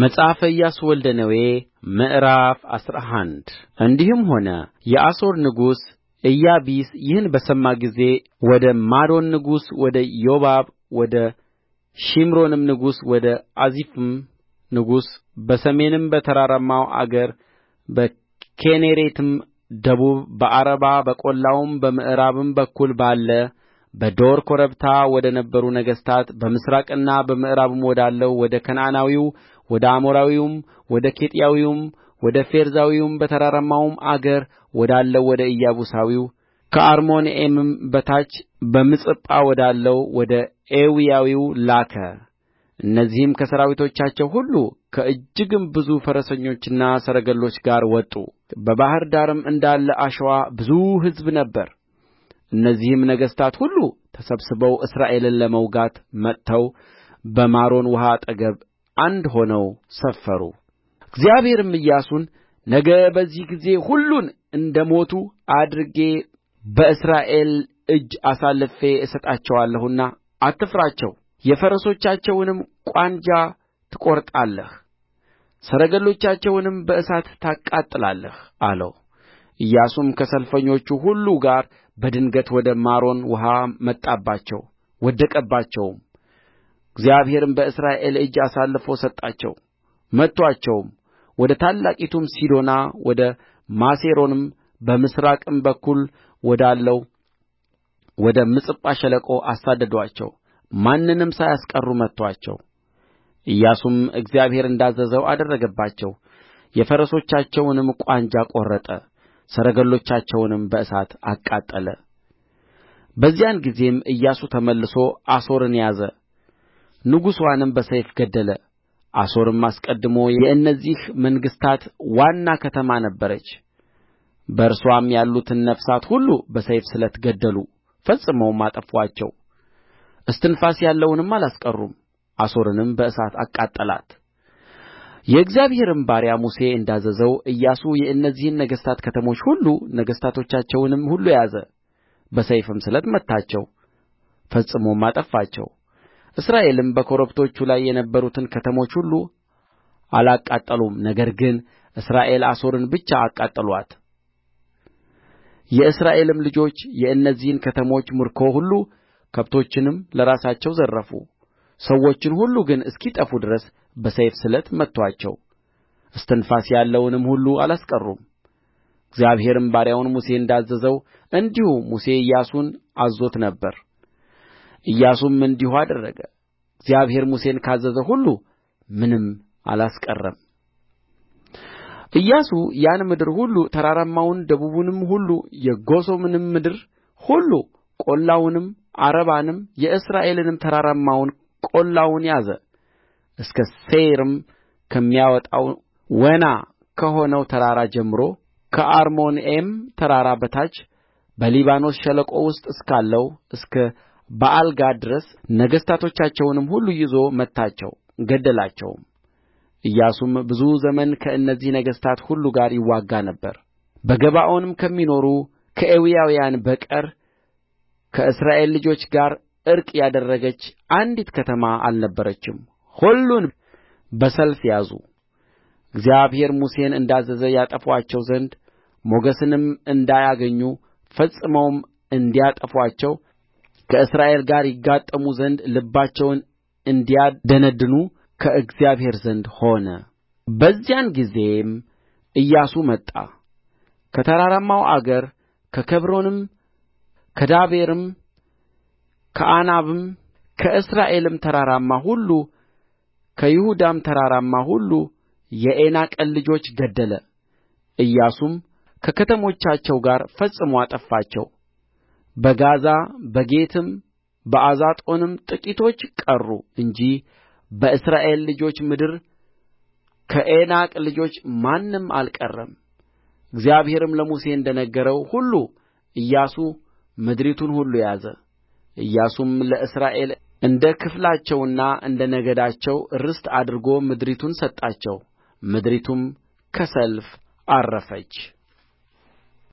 መጽሐፈ ኢያሱ ወልደ ነዌ ምዕራፍ አስራ አንድ እንዲህም ሆነ የአሦር ንጉሥ ኢያቢስ ይህን በሰማ ጊዜ ወደ ማዶን ንጉሥ ወደ ዮባብ ወደ ሺምሮንም ንጉሥ ወደ አዚፍም ንጉሥ በሰሜንም በተራራማው አገር በኪኔሬትም ደቡብ በዓረባ በቈላውም በምዕራብም በኩል ባለ በዶር ኮረብታ ወደ ነበሩ ነገሥታት በምሥራቅና በምዕራብም ወዳለው ወደ ከነዓናዊው ወደ አሞራዊውም ወደ ኬጢያዊውም ወደ ፌርዛዊውም በተራራማውም አገር ወዳለው ወደ ኢያቡሳዊው ከአርሞንዔምም በታች በምጽጳ ወዳለው ወደ ኤዊያዊው ላከ እነዚህም ከሠራዊቶቻቸው ሁሉ ከእጅግም ብዙ ፈረሰኞችና ሰረገሎች ጋር ወጡ በባሕር ዳርም እንዳለ አሸዋ ብዙ ሕዝብ ነበረ እነዚህም ነገሥታት ሁሉ ተሰብስበው እስራኤልን ለመውጋት መጥተው በማሮን ውኃ አጠገብ አንድ ሆነው ሰፈሩ እግዚአብሔርም ኢያሱን ነገ በዚህ ጊዜ ሁሉን እንደ ሞቱ አድርጌ በእስራኤል እጅ አሳልፌ እሰጣቸዋለሁና አትፍራቸው የፈረሶቻቸውንም ቋንጃ ትቈርጣለህ ሰረገሎቻቸውንም በእሳት ታቃጥላለህ አለው ኢያሱም ከሰልፈኞቹ ሁሉ ጋር በድንገት ወደ ማሮን ውኃ መጣባቸው ወደቀባቸውም እግዚአብሔርም በእስራኤል እጅ አሳልፎ ሰጣቸው መቱአቸውም ወደ ታላቂቱም ሲዶና ወደ ማሴሮንም በምሥራቅም በኩል ወዳለው ወደ ምጽጳ ሸለቆ አሳደዱአቸው ማንንም ሳያስቀሩ መቱአቸው ኢያሱም እግዚአብሔር እንዳዘዘው አደረገባቸው የፈረሶቻቸውንም ቋንጃ ቈረጠ ሰረገሎቻቸውንም በእሳት አቃጠለ በዚያን ጊዜም ኢያሱ ተመልሶ አሶርን ያዘ ንጉሥዋንም በሰይፍ ገደለ አሶርም አስቀድሞ የእነዚህ መንግሥታት ዋና ከተማ ነበረች በእርስዋም ያሉትን ነፍሳት ሁሉ በሰይፍ ስለት ገደሉ ፈጽመውም አጠፉአቸው እስትንፋስ ያለውንም አላስቀሩም አሶርንም በእሳት አቃጠላት የእግዚአብሔርም ባሪያ ሙሴ እንዳዘዘው ኢያሱ የእነዚህን ነገሥታት ከተሞች ሁሉ ነገሥታቶቻቸውንም ሁሉ ያዘ በሰይፍም ስለት መታቸው ፈጽሞም አጠፋቸው እስራኤልም በኮረብቶቹ ላይ የነበሩትን ከተሞች ሁሉ አላቃጠሉም ነገር ግን እስራኤል አሶርን ብቻ አቃጠሉአት የእስራኤልም ልጆች የእነዚህን ከተሞች ምርኮ ሁሉ ከብቶችንም ለራሳቸው ዘረፉ ሰዎችን ሁሉ ግን እስኪጠፉ ድረስ በሰይፍ ስለት መቱአቸው እስትንፋስ ያለውንም ሁሉ አላስቀሩም እግዚአብሔርም ባሪያውን ሙሴ እንዳዘዘው እንዲሁ ሙሴ ኢያሱን አዝዞት ነበር ኢያሱም እንዲሁ አደረገ እግዚአብሔር ሙሴን ካዘዘው ሁሉ ምንም አላስቀረም ኢያሱ ያን ምድር ሁሉ ተራራማውን ደቡቡንም ሁሉ የጎሶምንም ምድር ሁሉ ቈላውንም ዓረባንም የእስራኤልንም ተራራማውን ቈላውን ያዘ እስከ ሴይርም ከሚያወጣው ወና ከሆነው ተራራ ጀምሮ ከአርሞንዔም ተራራ በታች በሊባኖስ ሸለቆ ውስጥ እስካለው እስከ በኣልጋድ ድረስ ነገሥታቶቻቸውንም ሁሉ ይዞ መታቸው ገደላቸውም ኢያሱም ብዙ ዘመን ከእነዚህ ነገሥታት ሁሉ ጋር ይዋጋ ነበር በገባዖንም ከሚኖሩ ከኤዊያውያን በቀር ከእስራኤል ልጆች ጋር ዕርቅ ያደረገች አንዲት ከተማ አልነበረችም ሁሉን በሰልፍ ያዙ እግዚአብሔር ሙሴን እንዳዘዘ ያጠፉአቸው ዘንድ ሞገስንም እንዳያገኙ ፈጽመውም እንዲያጠፉአቸው ከእስራኤል ጋር ይጋጠሙ ዘንድ ልባቸውን እንዲያደነድኑ ከእግዚአብሔር ዘንድ ሆነ በዚያን ጊዜም ኢያሱ መጣ ከተራራማው አገር ከኬብሮንም ከዳቤርም ከአናብም ከእስራኤልም ተራራማ ሁሉ ከይሁዳም ተራራማ ሁሉ የዔናቅን ልጆች ገደለ ኢያሱም ከከተሞቻቸው ጋር ፈጽሞ አጠፋቸው በጋዛ በጌትም በአዛጦንም ጥቂቶች ቀሩ እንጂ በእስራኤል ልጆች ምድር ከዔናቅ ልጆች ማንም አልቀረም እግዚአብሔርም ለሙሴ እንደ ነገረው ሁሉ ኢያሱ ምድሪቱን ሁሉ ያዘ ኢያሱም ለእስራኤል እንደ ክፍላቸውና እንደ ነገዳቸው ርስት አድርጎ ምድሪቱን ሰጣቸው ምድሪቱም ከሰልፍ ዐረፈች